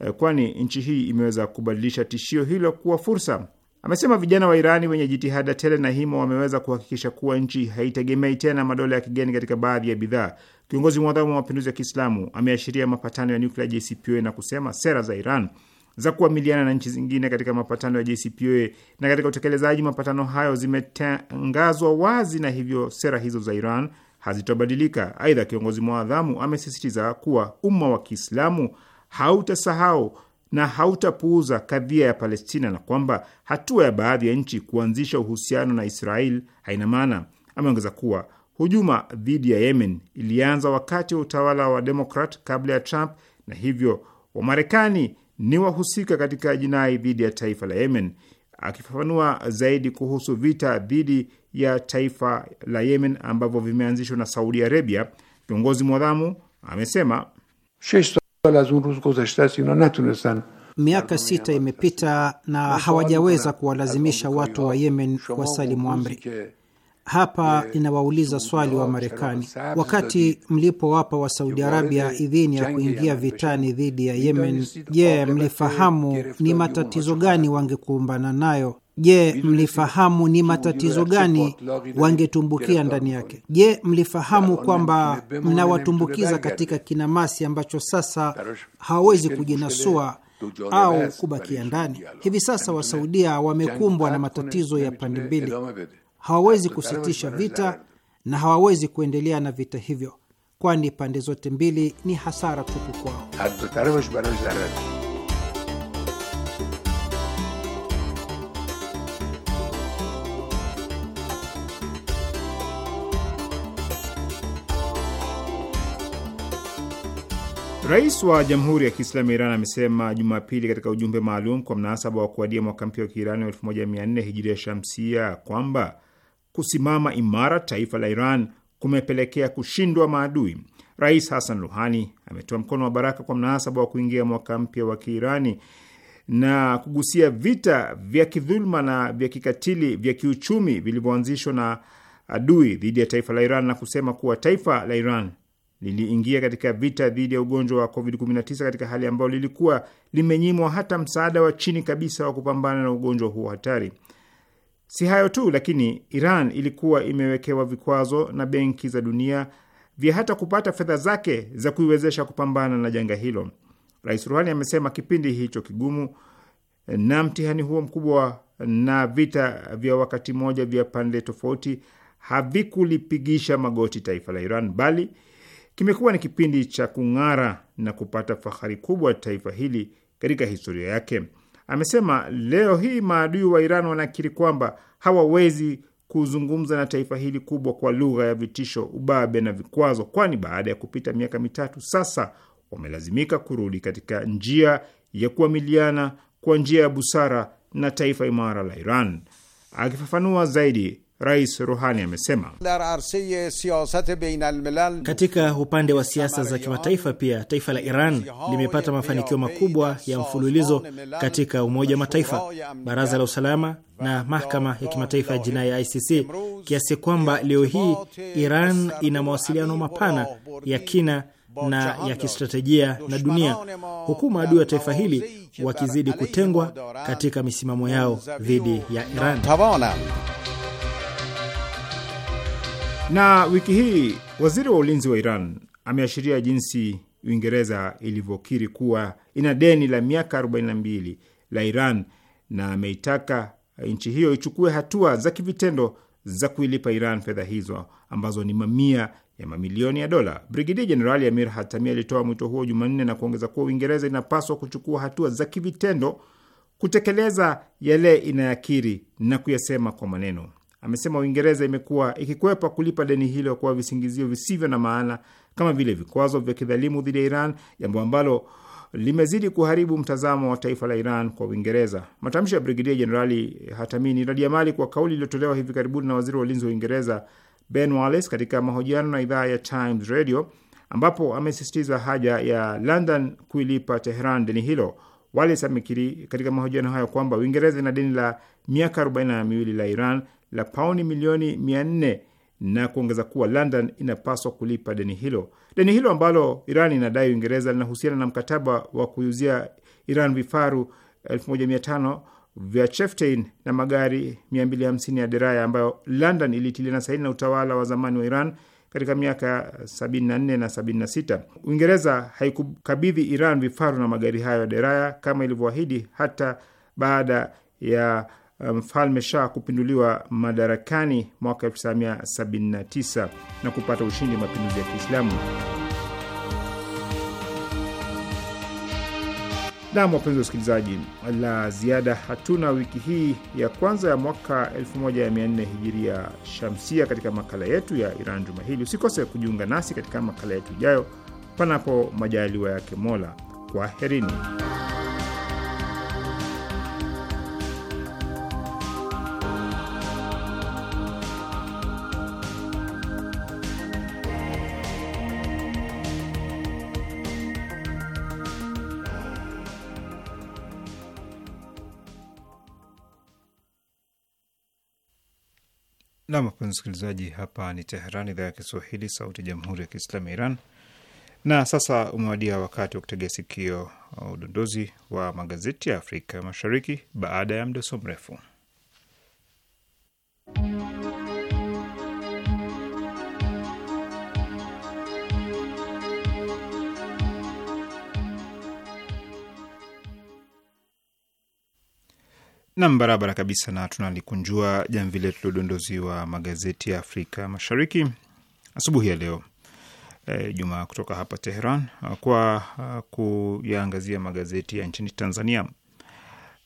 eh, kwani nchi hii imeweza kubadilisha tishio hilo kuwa fursa. Amesema vijana wa Irani wenye jitihada tele na himo wameweza kuhakikisha kuwa nchi haitegemei tena madola ya kigeni katika baadhi ya bidhaa. Kiongozi mwadhamu wa mapinduzi ya Kiislamu ameashiria mapatano ya nuklia JCPOA na kusema sera za Iran za kuamiliana na nchi zingine katika mapatano ya JCPOA na katika utekelezaji mapatano hayo zimetangazwa wazi, na hivyo sera hizo za Iran hazitobadilika Aidha, kiongozi mwadhamu amesisitiza kuwa umma wa Kiislamu hautasahau na hautapuuza kadhia ya Palestina na kwamba hatua ya baadhi ya nchi kuanzisha uhusiano na Israel haina maana. Ameongeza kuwa hujuma dhidi ya Yemen ilianza wakati wa utawala wa Demokrat kabla ya Trump, na hivyo Wamarekani ni wahusika katika jinai dhidi ya taifa la Yemen. Akifafanua zaidi kuhusu vita dhidi ya taifa la Yemen ambavyo vimeanzishwa na Saudi Arabia, kiongozi mwadhamu amesema miaka sita imepita na hawajaweza kuwalazimisha watu wa Yemen wasalimu amri. Hapa ninawauliza swali wa Marekani, wakati mlipowapa wa Saudi Arabia idhini ya kuingia vitani dhidi ya Yemen, je, mlifahamu ni matatizo gani wangekumbana nayo? Je, mlifahamu ni matatizo gani wangetumbukia ndani yake? Je, mlifahamu kwamba mnawatumbukiza katika kinamasi ambacho sasa hawawezi kujinasua au kubakia ndani? Hivi sasa Wasaudia wamekumbwa na matatizo ya pande mbili hawawezi kusitisha vita na hawawezi kuendelea na vita hivyo, kwani pande zote mbili ni hasara tupu kwao. Rais wa Jamhuri ya Kiislamu ya Iran amesema Jumapili katika ujumbe maalum kwa mnasaba wa kuadia mwaka mpya wa Kiirani wa 1404 hijiria shamsia kwamba kusimama imara taifa la Iran kumepelekea kushindwa maadui. Rais Hassan Ruhani ametoa mkono wa baraka kwa mnasaba wa kuingia mwaka mpya wa Kiirani na kugusia vita vya kidhuluma na vya kikatili vya kiuchumi vilivyoanzishwa na adui dhidi ya taifa la Iran na kusema kuwa taifa la Iran liliingia katika vita dhidi ya ugonjwa wa COVID-19 katika hali ambayo lilikuwa limenyimwa hata msaada wa chini kabisa wa kupambana na ugonjwa huo hatari. Si hayo tu, lakini Iran ilikuwa imewekewa vikwazo na benki za dunia vya hata kupata fedha zake za kuiwezesha kupambana na janga hilo. Rais Ruhani amesema kipindi hicho kigumu na mtihani huo mkubwa na vita vya wakati mmoja vya pande tofauti havikulipigisha magoti taifa la Iran, bali kimekuwa ni kipindi cha kung'ara na kupata fahari kubwa taifa hili katika historia yake. Amesema leo hii maadui wa Iran wanakiri kwamba hawawezi kuzungumza na taifa hili kubwa kwa lugha ya vitisho, ubabe na vikwazo, kwani baada ya kupita miaka mitatu sasa wamelazimika kurudi katika njia ya kuamiliana kwa njia ya busara na taifa imara la Iran. Akifafanua zaidi, Rais Ruhani amesema katika upande wa siasa za kimataifa pia taifa la Iran limepata mafanikio makubwa ya mfululizo katika Umoja wa Mataifa, Baraza la Usalama na Mahakama ya Kimataifa ya Jinai ya ICC, kiasi kwamba leo hii Iran ina mawasiliano mapana ya kina na ya kistratejia na dunia, huku maadui wa taifa hili wakizidi kutengwa katika misimamo yao dhidi ya Iran. Na wiki hii waziri wa ulinzi wa Iran ameashiria jinsi Uingereza ilivyokiri kuwa ina deni la miaka 42 la Iran na ameitaka nchi hiyo ichukue hatua za kivitendo za kuilipa Iran fedha hizo ambazo ni mamia ya mamilioni ya dola. Brigedia Jenerali Amir Hatami alitoa mwito huo Jumanne na kuongeza kuwa Uingereza inapaswa kuchukua hatua za kivitendo kutekeleza yale inayakiri na kuyasema kwa maneno. Amesema Uingereza imekuwa ikikwepa kulipa deni hilo kwa visingizio visivyo na maana kama vile vikwazo vya kidhalimu dhidi ya Iran, jambo ambalo limezidi kuharibu mtazamo wa taifa la Iran kwa Uingereza. Matamshi ya Brigedia Jenerali Hatami ni mali kwa kauli iliyotolewa hivi karibuni na waziri wa ulinzi wa Uingereza Ben Wallace katika mahojiano na idhaa ya Times Radio, ambapo amesisitiza haja ya London kuilipa Teheran deni hilo. Wallace amekiri katika mahojiano hayo kwamba Uingereza ina deni la miaka arobaini na miwili la Iran la pauni milioni mia nne na kuongeza kuwa London inapaswa kulipa deni hilo. Deni hilo ambalo Iran inadai Uingereza linahusiana na mkataba wa kuiuzia Iran vifaru 1500 vya Cheftain na magari 250 ya deraya ambayo London ilitiliana saini na utawala wa zamani wa Iran katika miaka ya 74 na 76. Uingereza haikukabidhi Iran vifaru na magari hayo ya deraya kama ilivyoahidi hata baada ya Eh, mfalme Shah kupinduliwa madarakani mwaka 1979 na kupata ushindi mapinduzi ya Kiislamu. Nam, wapenzi wa usikilizaji, la ziada hatuna wiki hii ya kwanza ya mwaka 1404 hijiria shamsia katika makala yetu ya Iran juma hili. Usikose kujiunga nasi katika makala yetu ijayo, panapo majaliwa yake Mola. Kwaherini. Na wapenzi msikilizaji, hapa ni Teheran, idhaa ya Kiswahili, sauti ya jamhuri ya kiislamu ya Iran. Na sasa umewadia wakati wa kutegea sikio udondozi wa magazeti ya Afrika Mashariki baada ya mdoso mrefu Nam, barabara kabisa, na tunalikunjua jamvi letu wa magazeti ya Afrika Mashariki asubuhi ya leo e, Jumaa, kutoka hapa Teheran, kwa uh, kuyaangazia magazeti ya nchini Tanzania.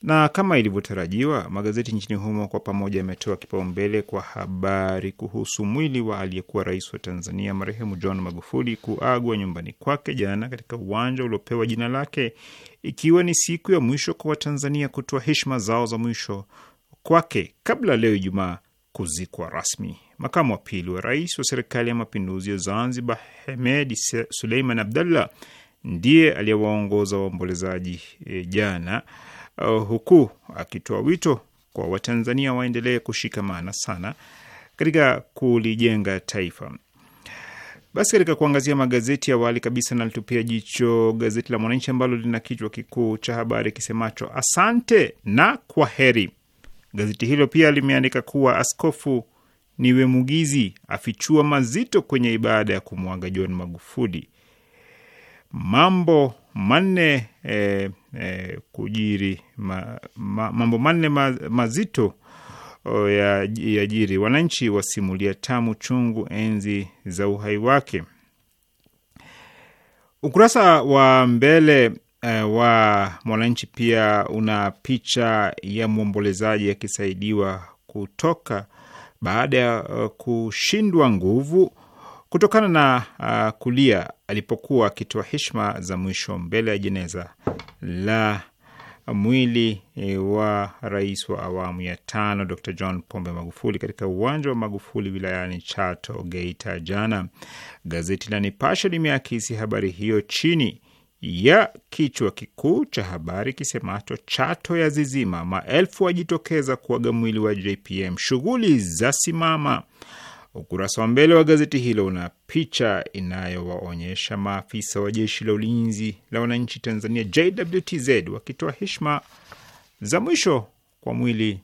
Na kama ilivyotarajiwa, magazeti nchini humo kwa pamoja yametoa kipaumbele kwa habari kuhusu mwili wa aliyekuwa rais wa Tanzania marehemu John Magufuli kuagwa nyumbani kwake jana katika uwanja uliopewa jina lake, ikiwa ni siku ya mwisho kwa Watanzania kutoa heshima zao za mwisho kwake kabla leo Ijumaa kuzikwa rasmi. Makamu wa pili wa rais wa Serikali ya Mapinduzi ya Zanzibar Hemedi Suleiman Abdallah ndiye aliyewaongoza waombolezaji e, jana uh, huku akitoa wito kwa Watanzania waendelee kushikamana sana katika kulijenga taifa. Basi katika kuangazia magazeti, awali kabisa nalitupia jicho gazeti la Mwananchi ambalo lina kichwa kikuu cha habari kisemacho asante na kwa heri. Gazeti hilo pia limeandika kuwa Askofu Mugizi afichua mazito kwenye ibada ya kumwaga John Magufuli. Mambo manne eh, eh, kujiri ma, ma, mambo manne ma, mazito ya, ya jiri. Wananchi wasimulia tamu chungu enzi za uhai wake. Ukurasa wa mbele eh, wa Mwananchi pia una picha ya mwombolezaji akisaidiwa kutoka baada ya eh, kushindwa nguvu kutokana na uh, kulia alipokuwa akitoa heshima za mwisho mbele ya jeneza la mwili e, wa rais wa awamu ya tano Dr John Pombe Magufuli katika uwanja wa Magufuli wilayani Chato, Geita jana. Gazeti la Nipashe limeakisi habari hiyo chini ya kichwa kikuu cha habari kisemacho Chato ya zizima, maelfu wajitokeza kuaga mwili wa JPM, shughuli za simama. Ukurasa wa mbele wa gazeti hilo una picha inayowaonyesha maafisa wa jeshi la ulinzi la wananchi Tanzania, JWTZ, wakitoa heshima za mwisho kwa mwili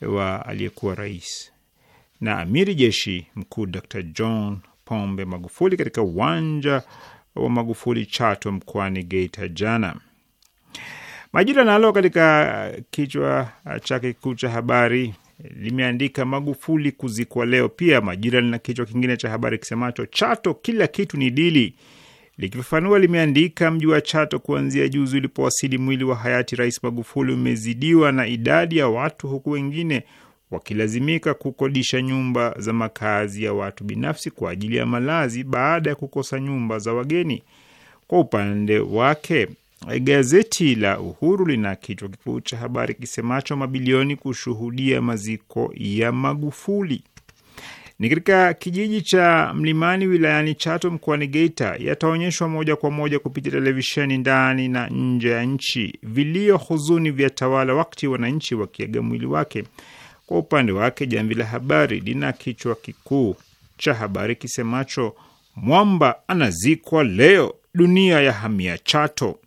wa aliyekuwa rais na amiri jeshi mkuu Dr John Pombe Magufuli katika uwanja wa Magufuli Chato mkoani Geita jana. Majira nalo katika kichwa chake kikuu cha habari limeandika Magufuli kuzikwa leo. Pia Majira lina kichwa kingine cha habari kisemacho Chato kila kitu ni dili. Likifafanua limeandika mji wa Chato kuanzia juzi ulipowasili mwili wa hayati Rais Magufuli umezidiwa na idadi ya watu, huku wengine wakilazimika kukodisha nyumba za makazi ya watu binafsi kwa ajili ya malazi baada ya kukosa nyumba za wageni. Kwa upande wake Gazeti la Uhuru lina kichwa kikuu cha habari kisemacho mabilioni kushuhudia maziko ya Magufuli. Ni katika kijiji cha Mlimani wilayani Chato mkoani Geita, yataonyeshwa moja kwa moja kupitia televisheni ndani na nje ya nchi. Vilio, huzuni vya tawala wakati wananchi wakiaga mwili wake. Kwa upande wake, Jamvi la Habari lina kichwa kikuu cha habari kisemacho mwamba anazikwa leo, dunia ya hamia Chato.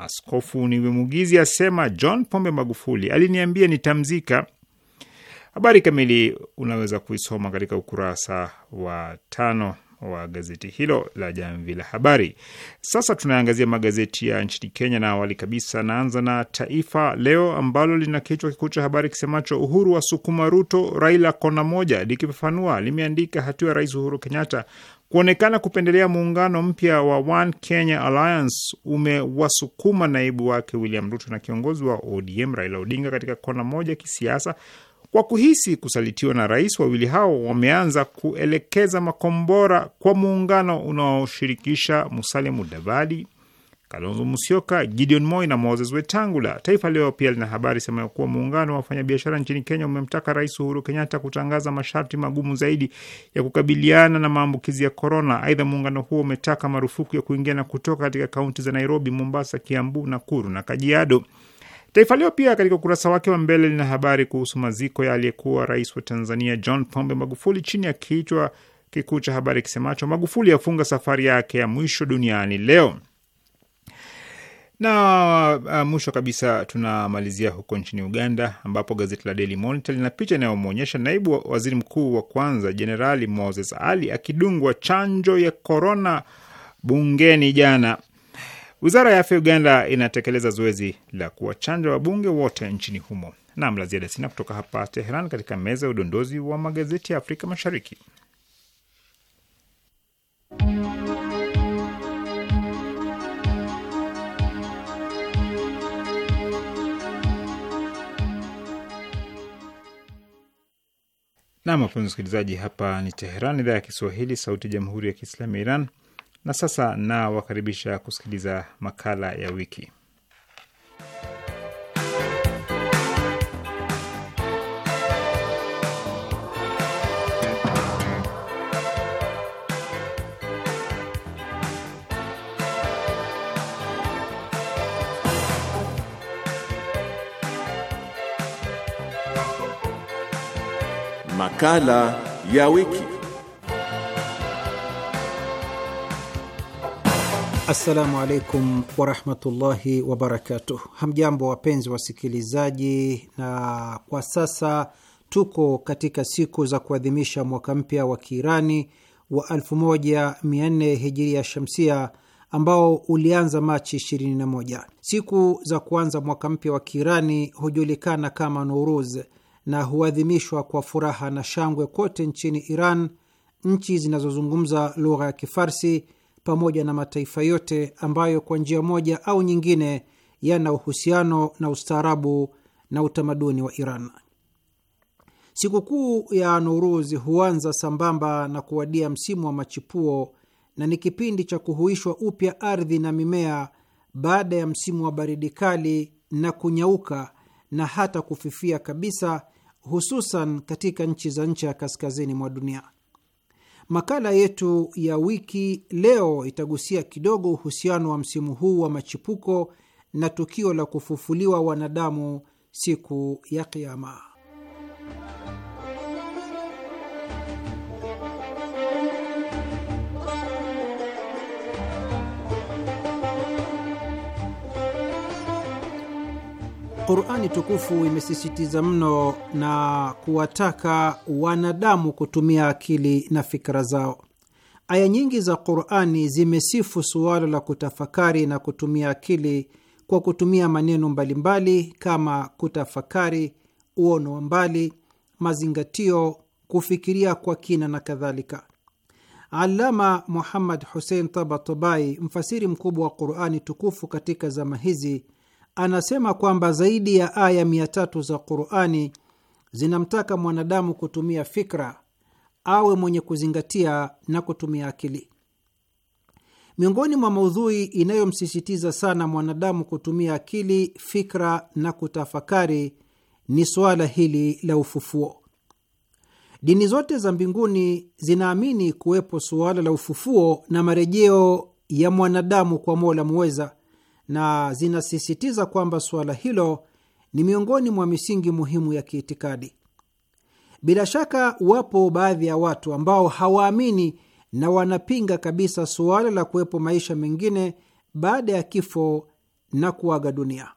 Askofu Niwimugizi asema John Pombe Magufuli aliniambia nitamzika. Habari kamili unaweza kuisoma katika ukurasa wa tano wa gazeti hilo la Jamvi la Habari. Sasa tunaangazia magazeti ya nchini Kenya na awali kabisa naanza na Taifa Leo ambalo lina kichwa kikuu cha habari kisemacho Uhuru wa sukuma Ruto, Raila kona moja. Likifafanua limeandika hatua ya Rais Uhuru Kenyatta kuonekana kupendelea muungano mpya wa One Kenya Alliance umewasukuma naibu wake William Ruto na kiongozi wa ODM Raila Odinga katika kona moja kisiasa kwa kuhisi kusalitiwa na rais, wawili hao wameanza kuelekeza makombora kwa muungano unaoshirikisha Musalia Mudavadi, Kalonzo Musyoka, Gideon Moi na Moses Wetangula. Taifa Leo pia lina habari sema kuwa muungano wa wafanyabiashara nchini Kenya umemtaka Rais Uhuru Kenyatta kutangaza masharti magumu zaidi ya kukabiliana na maambukizi ya korona. Aidha, muungano huo umetaka marufuku ya kuingia na kutoka katika kaunti za Nairobi, Mombasa, Kiambu, Nakuru na Kajiado. Taifa Leo pia katika ukurasa wake wa mbele lina habari kuhusu maziko ya aliyekuwa rais wa Tanzania John Pombe Magufuli chini ya kichwa kikuu cha habari kisemacho Magufuli afunga safari yake ya mwisho duniani leo. Na uh, mwisho kabisa tunamalizia huko nchini Uganda ambapo gazeti la Daily Monitor lina picha inayomwonyesha naibu waziri mkuu wa kwanza Jenerali Moses Ali akidungwa chanjo ya korona bungeni jana Wizara ya afya Uganda inatekeleza zoezi la kuwachanja wabunge wote nchini humo. Nam la ziada sina kutoka hapa Teheran, katika meza ya udondozi wa magazeti ya Afrika Mashariki. Nam wapenzi msikilizaji, hapa ni Teheran, idhaa ya Kiswahili, sauti ya jamhuri ya kiislamu ya Iran. Na sasa nawakaribisha kusikiliza makala ya wiki. Makala ya wiki. Assalamu alaikum warahmatullahi wabarakatuh. Hamjambo wapenzi wasikilizaji, na kwa sasa tuko katika siku za kuadhimisha mwaka mpya wa Kiirani wa 1404 hijiria shamsia ambao ulianza Machi 21. Siku za kuanza mwaka mpya wa Kiirani hujulikana kama Nuruz na huadhimishwa kwa furaha na shangwe kote nchini Iran, nchi zinazozungumza lugha ya Kifarsi pamoja na mataifa yote ambayo kwa njia moja au nyingine yana uhusiano na ustaarabu na utamaduni wa Iran. Sikukuu ya Nuruzi huanza sambamba na kuwadia msimu wa machipuo na ni kipindi cha kuhuishwa upya ardhi na mimea baada ya msimu wa baridi kali na kunyauka na hata kufifia kabisa, hususan katika nchi za ncha ya kaskazini mwa dunia. Makala yetu ya wiki leo itagusia kidogo uhusiano wa msimu huu wa machipuko na tukio la kufufuliwa wanadamu siku ya Kiama. Qurani tukufu imesisitiza mno na kuwataka wanadamu kutumia akili na fikra zao. Aya nyingi za Qurani zimesifu suala la kutafakari na kutumia akili kwa kutumia maneno mbalimbali kama kutafakari, uono wa mbali, mazingatio, kufikiria kwa kina na kadhalika. Alama Muhammad Hussein Tabatabai, mfasiri mkubwa wa Qurani tukufu katika zama hizi anasema kwamba zaidi ya aya mia tatu za Qurani zinamtaka mwanadamu kutumia fikra, awe mwenye kuzingatia na kutumia akili. Miongoni mwa maudhui inayomsisitiza sana mwanadamu kutumia akili, fikra na kutafakari ni suala hili la ufufuo. Dini zote za mbinguni zinaamini kuwepo suala la ufufuo na marejeo ya mwanadamu kwa Mola Muweza, na zinasisitiza kwamba suala hilo ni miongoni mwa misingi muhimu ya kiitikadi. Bila shaka, wapo baadhi ya watu ambao hawaamini na wanapinga kabisa suala la kuwepo maisha mengine baada ya kifo na kuaga dunia.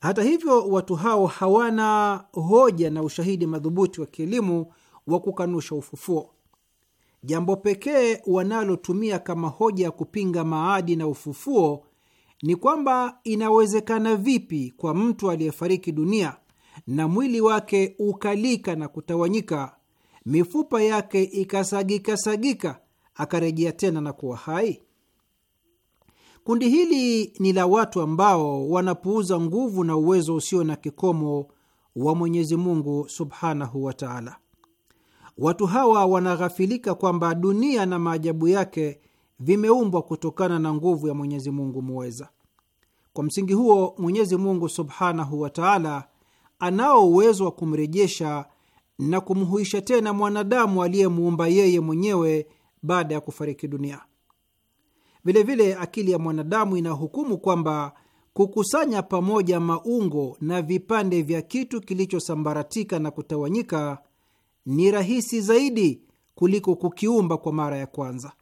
Hata hivyo, watu hao hawana hoja na ushahidi madhubuti wa kielimu wa kukanusha ufufuo. Jambo pekee wanalotumia kama hoja ya kupinga maadi na ufufuo ni kwamba inawezekana vipi kwa mtu aliyefariki dunia na mwili wake ukalika na kutawanyika, mifupa yake ikasagikasagika, akarejea tena na kuwa hai? Kundi hili ni la watu ambao wanapuuza nguvu na uwezo usio na kikomo wa Mwenyezi Mungu subhanahu wa taala. Watu hawa wanaghafilika kwamba dunia na maajabu yake vimeumbwa kutokana na nguvu ya Mwenyezi Mungu muweza. Kwa msingi huo, Mwenyezi Mungu subhanahu wa taala anao uwezo wa kumrejesha na kumhuisha tena mwanadamu aliyemuumba yeye mwenyewe baada ya kufariki dunia. Vilevile akili ya mwanadamu inahukumu kwamba kukusanya pamoja maungo na vipande vya kitu kilichosambaratika na kutawanyika ni rahisi zaidi kuliko kukiumba kwa mara ya kwanza.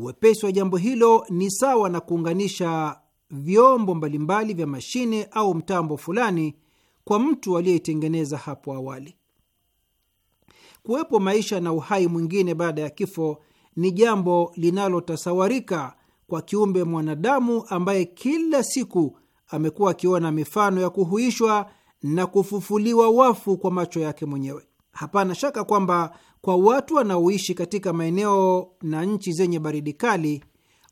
Uwepesi wa jambo hilo ni sawa na kuunganisha vyombo mbalimbali vya mashine au mtambo fulani kwa mtu aliyeitengeneza hapo awali. Kuwepo maisha na uhai mwingine baada ya kifo ni jambo linalotasawarika kwa kiumbe mwanadamu ambaye kila siku amekuwa akiona mifano ya kuhuishwa na kufufuliwa wafu kwa macho yake mwenyewe. Hapana shaka kwamba kwa watu wanaoishi katika maeneo na nchi zenye baridi kali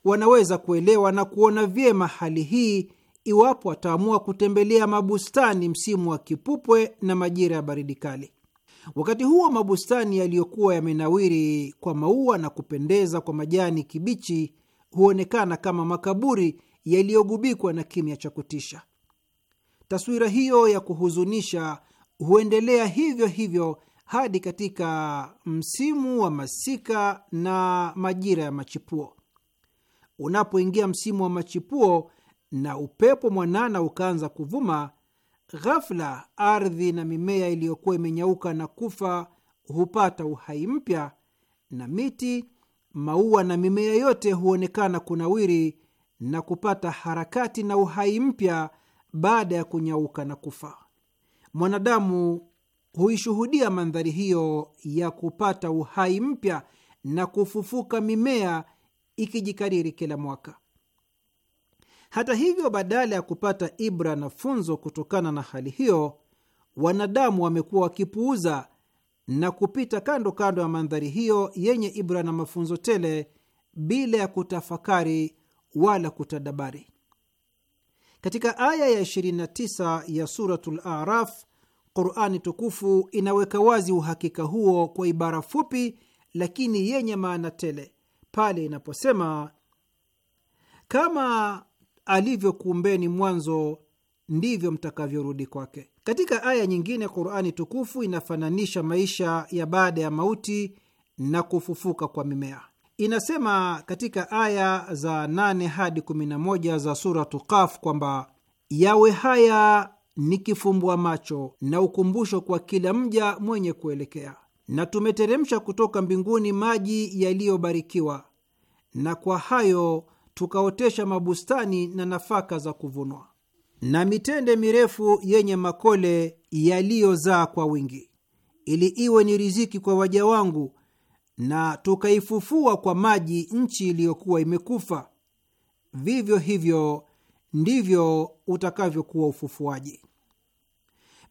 wanaweza kuelewa na kuona vyema hali hii iwapo wataamua kutembelea mabustani msimu wa kipupwe na majira ya baridi kali. Wakati huo mabustani yaliyokuwa yamenawiri kwa maua na kupendeza kwa majani kibichi huonekana kama makaburi yaliyogubikwa na kimya cha kutisha. Taswira hiyo ya kuhuzunisha huendelea hivyo hivyo hadi katika msimu wa masika na majira ya machipuo. Unapoingia msimu wa machipuo na upepo mwanana ukaanza kuvuma, ghafla ardhi na mimea iliyokuwa imenyauka na kufa hupata uhai mpya, na miti, maua na mimea yote huonekana kunawiri na kupata harakati na uhai mpya baada ya kunyauka na kufa. Mwanadamu huishuhudia mandhari hiyo ya kupata uhai mpya na kufufuka mimea ikijikariri kila mwaka. Hata hivyo, badala ya kupata ibra na funzo kutokana na hali hiyo, wanadamu wamekuwa wakipuuza na kupita kando kando ya mandhari hiyo yenye ibra na mafunzo tele bila ya kutafakari wala kutadabari. Katika aya ya 29 ya Suratul Araf Qurani tukufu inaweka wazi uhakika huo kwa ibara fupi lakini yenye maana tele pale inaposema, kama alivyokuumbeni mwanzo ndivyo mtakavyorudi kwake. Katika aya nyingine, Qurani tukufu inafananisha maisha ya baada ya mauti na kufufuka kwa mimea. Inasema katika aya za 8 hadi 11 za Suratu Kaf kwamba yawe haya ni kifumbua macho na ukumbusho kwa kila mja mwenye kuelekea, na tumeteremsha kutoka mbinguni maji yaliyobarikiwa, na kwa hayo tukaotesha mabustani na nafaka za kuvunwa na mitende mirefu yenye makole yaliyozaa kwa wingi, ili iwe ni riziki kwa waja wangu, na tukaifufua kwa maji nchi iliyokuwa imekufa. Vivyo hivyo ndivyo utakavyokuwa ufufuaji.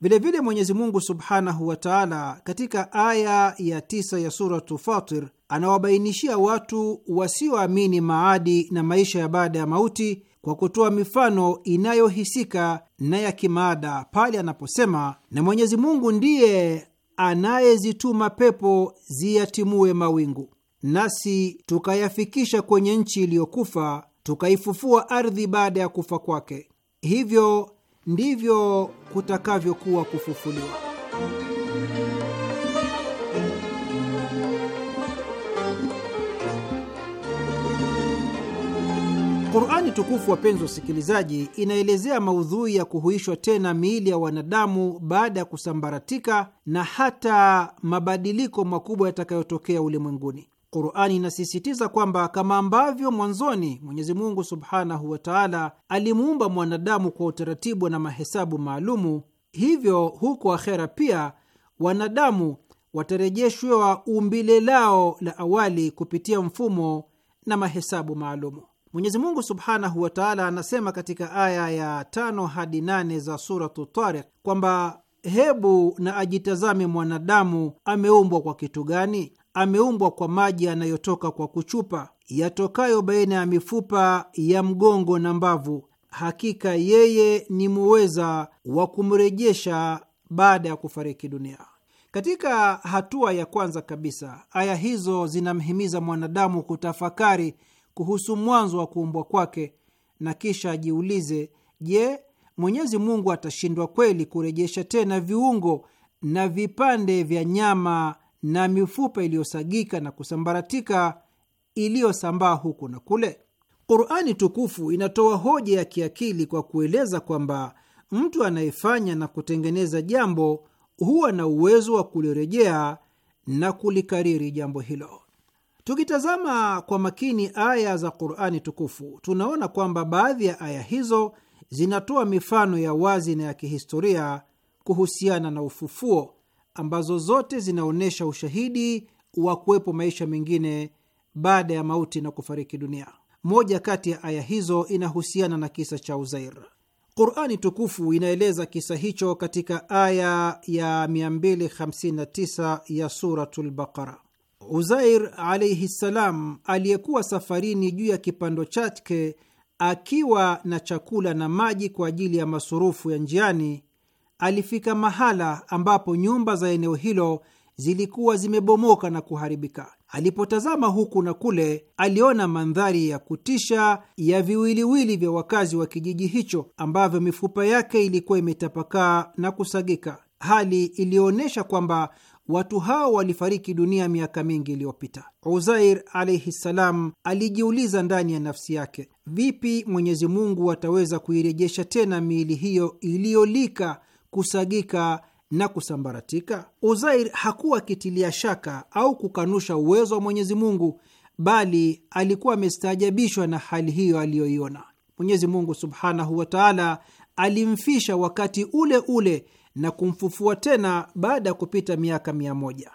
Vilevile Mwenyezi Mungu subhanahu wa taala katika aya ya tisa ya Suratu Fatir anawabainishia watu wasioamini maadi na maisha ya baada ya mauti kwa kutoa mifano inayohisika na ya kimaada pale anaposema, na Mwenyezi Mungu ndiye anayezituma pepo ziyatimue mawingu, nasi tukayafikisha kwenye nchi iliyokufa, tukaifufua ardhi baada ya kufa kwake, hivyo ndivyo kutakavyokuwa kufufuliwa. Qurani tukufu, wapenzi wasikilizaji, inaelezea maudhui ya kuhuishwa tena miili ya wanadamu baada ya kusambaratika na hata mabadiliko makubwa yatakayotokea ulimwenguni. Qurani inasisitiza kwamba kama ambavyo mwanzoni Mwenyezi Mungu subhanahu wa taala alimuumba mwanadamu kwa utaratibu na mahesabu maalumu, hivyo huko akhera pia wanadamu watarejeshwa umbile lao la awali kupitia mfumo na mahesabu maalumu. Mwenyezi Mungu subhanahu wa taala anasema katika aya ya tano hadi nane za Suratu Tariq kwamba hebu na ajitazame mwanadamu ameumbwa kwa kitu gani? ameumbwa kwa maji yanayotoka kwa kuchupa yatokayo baina ya mifupa ya mgongo na mbavu. Hakika yeye ni muweza wa kumrejesha baada ya kufariki dunia. Katika hatua ya kwanza kabisa, aya hizo zinamhimiza mwanadamu kutafakari kuhusu mwanzo wa kuumbwa kwake, na kisha ajiulize, je, Mwenyezi Mungu atashindwa kweli kurejesha tena viungo na vipande vya nyama na mifupa iliyosagika na kusambaratika iliyosambaa huku na kule. Qurani tukufu inatoa hoja ya kiakili kwa kueleza kwamba mtu anayefanya na kutengeneza jambo huwa na uwezo wa kulirejea na kulikariri jambo hilo. Tukitazama kwa makini aya za Qurani tukufu, tunaona kwamba baadhi ya aya hizo zinatoa mifano ya wazi na ya kihistoria kuhusiana na ufufuo ambazo zote zinaonyesha ushahidi wa kuwepo maisha mengine baada ya mauti na kufariki dunia. Moja kati ya aya hizo inahusiana na kisa cha Uzair. Qurani tukufu inaeleza kisa hicho katika aya ya 259 ya Suratul Baqara. Uzair alaihi ssalam, aliyekuwa safarini juu ya kipando chake akiwa na chakula na maji kwa ajili ya masurufu ya njiani, alifika mahala ambapo nyumba za eneo hilo zilikuwa zimebomoka na kuharibika. Alipotazama huku na kule, aliona mandhari ya kutisha ya viwiliwili vya wakazi wa kijiji hicho ambavyo mifupa yake ilikuwa imetapakaa na kusagika, hali iliyoonyesha kwamba watu hao walifariki dunia miaka mingi iliyopita. Uzair alaihi ssalam alijiuliza ndani ya nafsi yake, vipi Mwenyezi Mungu ataweza kuirejesha tena miili hiyo iliyolika kusagika na kusambaratika? Uzair hakuwa akitilia shaka au kukanusha uwezo wa Mwenyezi Mungu, bali alikuwa amestaajabishwa na hali hiyo aliyoiona. Mwenyezi Mungu subhanahu wa taala alimfisha wakati ule ule na kumfufua tena baada ya kupita miaka mia moja.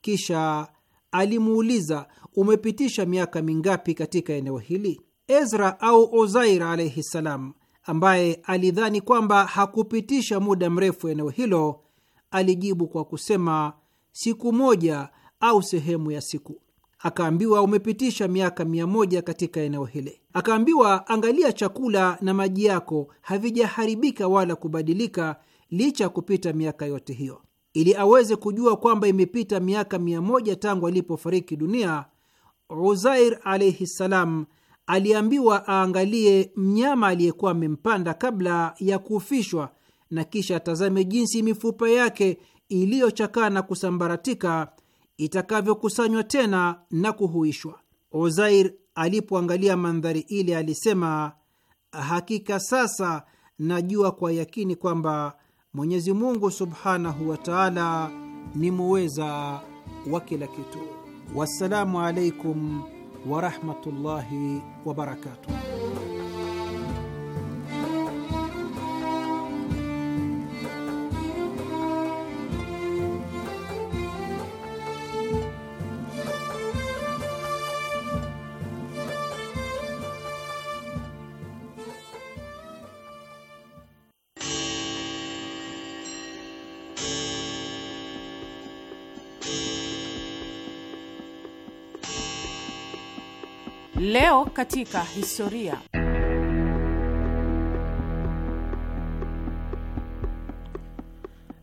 Kisha alimuuliza, umepitisha miaka mingapi katika eneo hili? Ezra au Ozair alaihi ssalam ambaye alidhani kwamba hakupitisha muda mrefu eneo hilo, alijibu kwa kusema siku moja au sehemu ya siku. Akaambiwa, umepitisha miaka mia moja katika eneo hili. Akaambiwa, angalia, chakula na maji yako havijaharibika wala kubadilika licha ya kupita miaka yote hiyo. Ili aweze kujua kwamba imepita miaka mia moja tangu alipofariki dunia, Uzair alaihi ssalam aliambiwa aangalie mnyama aliyekuwa amempanda kabla ya kuufishwa na kisha atazame jinsi mifupa yake iliyochakaa na kusambaratika itakavyokusanywa tena na kuhuishwa. Ozair alipoangalia mandhari ile alisema, hakika sasa najua kwa yakini kwamba Mwenyezi Mungu subhanahu wa taala ni muweza wa kila kitu. Wassalamu alaikum ورحمه الله وبركاته Leo katika historia.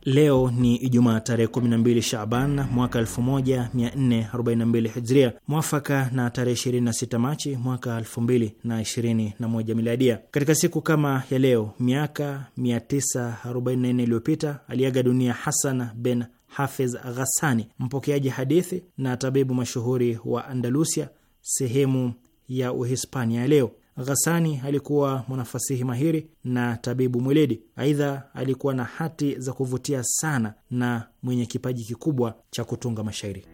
Leo ni Ijumaa tarehe 12 Shaban mwaka 1442 Hijria, mwafaka na tarehe 26 Machi mwaka 2021 Miladia. Katika siku kama ya leo miaka 944 iliyopita aliaga dunia Hasan bin Hafiz Ghassani, mpokeaji hadithi na tabibu mashuhuri wa Andalusia, sehemu ya Uhispania ya leo. Ghasani alikuwa mwanafasihi mahiri na tabibu mweledi. Aidha, alikuwa na hati za kuvutia sana na mwenye kipaji kikubwa cha kutunga mashairi.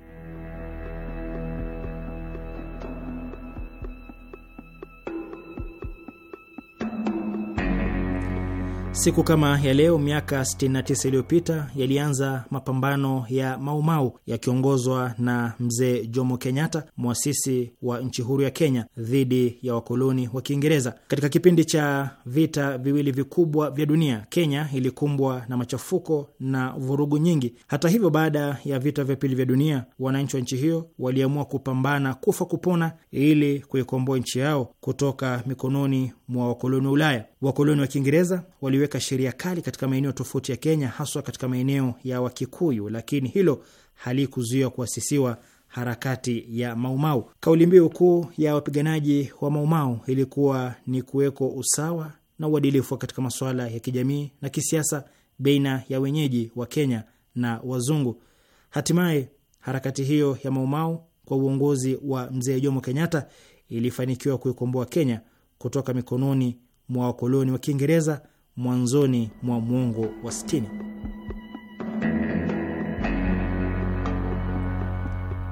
Siku kama ya leo miaka 69 iliyopita yalianza mapambano ya Maumau yakiongozwa na mzee Jomo Kenyatta, mwasisi wa nchi huru ya Kenya, dhidi ya wakoloni wa Kiingereza. Katika kipindi cha vita viwili vikubwa vya dunia, Kenya ilikumbwa na machafuko na vurugu nyingi. Hata hivyo, baada ya vita vya pili vya dunia, wananchi wa nchi hiyo waliamua kupambana kufa kupona ili kuikomboa nchi yao kutoka mikononi mwa wakoloni wa Ulaya. Wakoloni wa Kiingereza waliweka sheria kali katika maeneo tofauti ya Kenya, haswa katika maeneo ya Wakikuyu, lakini hilo halikuzuia kuasisiwa harakati ya Maumau. Kauli mbiu kuu ya wapiganaji wa Maumau ilikuwa ni kuweko usawa na uadilifu katika masuala ya kijamii na kisiasa baina ya wenyeji wa Kenya na wazungu. Hatimaye harakati hiyo ya Maumau kwa uongozi wa Mzee Jomo Kenyatta ilifanikiwa kuikomboa Kenya kutoka mikononi mwa wakoloni wa Kiingereza mwanzoni mwa mwongo wa 60.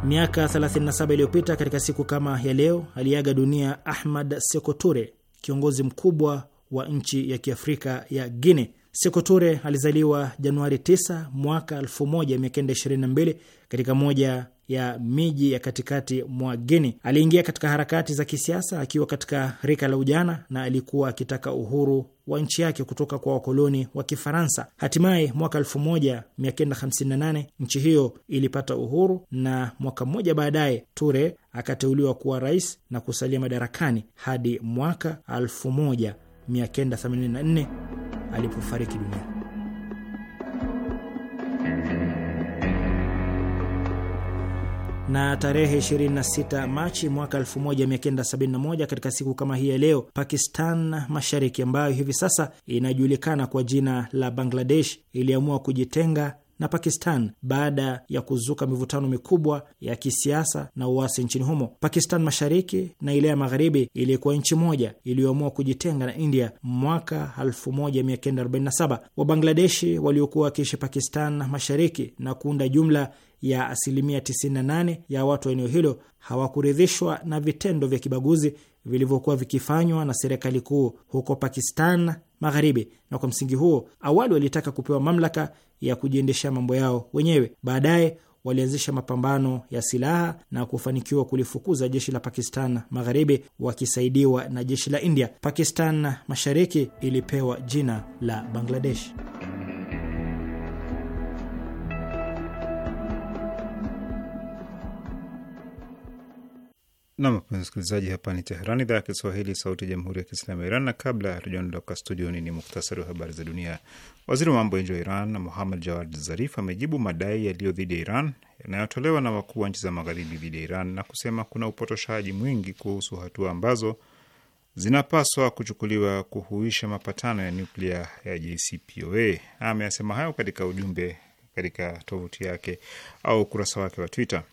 Miaka 37 iliyopita katika siku kama ya leo aliaga dunia Ahmad sekoture kiongozi mkubwa wa nchi ya Kiafrika ya Guinea. sekoture alizaliwa Januari 9 mwaka 1922 katika moja ya miji ya katikati mwa Guini. Aliingia katika harakati za kisiasa akiwa katika rika la ujana na alikuwa akitaka uhuru wa nchi yake kutoka kwa wakoloni wa Kifaransa. Hatimaye mwaka 1958 nchi hiyo ilipata uhuru na mwaka mmoja baadaye Ture akateuliwa kuwa rais na kusalia madarakani hadi mwaka 1984 alipofariki dunia. na tarehe 26 Machi mwaka 1971 katika siku kama hii ya leo, Pakistan Mashariki ambayo hivi sasa inajulikana kwa jina la Bangladesh iliamua kujitenga na Pakistan baada ya kuzuka mivutano mikubwa ya kisiasa na uasi nchini humo. Pakistan mashariki na ile ya magharibi ilikuwa nchi moja iliyoamua kujitenga na India mwaka 1947. Wabangladeshi waliokuwa wakiishi Pakistan mashariki na kuunda jumla ya asilimia 98 ya watu wa eneo hilo hawakuridhishwa na vitendo vya kibaguzi vilivyokuwa vikifanywa na serikali kuu huko Pakistan Magharibi, na kwa msingi huo awali walitaka kupewa mamlaka ya kujiendesha mambo yao wenyewe. Baadaye walianzisha mapambano ya silaha na kufanikiwa kulifukuza jeshi la Pakistan Magharibi wakisaidiwa na jeshi la India. Pakistan Mashariki ilipewa jina la Bangladesh. Na mpenzi msikilizaji, hapa ni Teheran, idhaa ya Kiswahili, sauti ya jamhuri ya kiislamu ya Iran. Na kabla ya hatujaondoka studioni, ni muktasari wa habari za dunia. Waziri wa mambo ya nje wa Iran na Muhammad Jawad Zarif amejibu madai yaliyo dhidi ya Iran yanayotolewa na wakuu wa nchi za magharibi dhidi ya Iran na kusema kuna upotoshaji mwingi kuhusu hatua ambazo zinapaswa kuchukuliwa kuhuisha mapatano ya nuklia ya JCPOA. Ameyasema hayo katika ujumbe katika tovuti yake au ukurasa wake wa Twitter.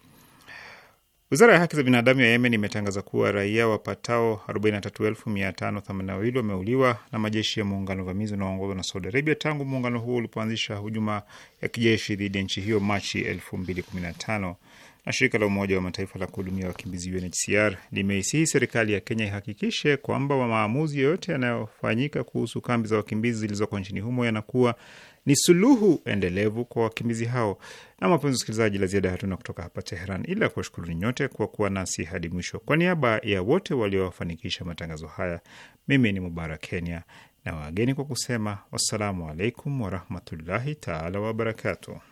Wizara ya haki za binadamu ya Yemen imetangaza kuwa raia wapatao 43582 wameuliwa na majeshi ya muungano vamizi unaoongozwa na Saudi Arabia tangu muungano huo ulipoanzisha hujuma ya kijeshi dhidi ya nchi hiyo Machi 2015 na shirika la Umoja wa Mataifa la kuhudumia wakimbizi UNHCR limeisihi serikali ya Kenya ihakikishe kwamba maamuzi yoyote yanayofanyika kuhusu kambi za wakimbizi zilizoko nchini humo yanakuwa ni suluhu endelevu kwa wakimbizi hao. Na mapenzi usikilizaji, la ziada hatuna kutoka hapa Teheran, ila kuwashukuruni nyote kwa kuwa nasi hadi mwisho. Kwa niaba ya wote waliofanikisha matangazo haya, mimi ni Mubarak Kenya na wageni kwa kusema wassalamu alaikum warahmatullahi taala wabarakatuh.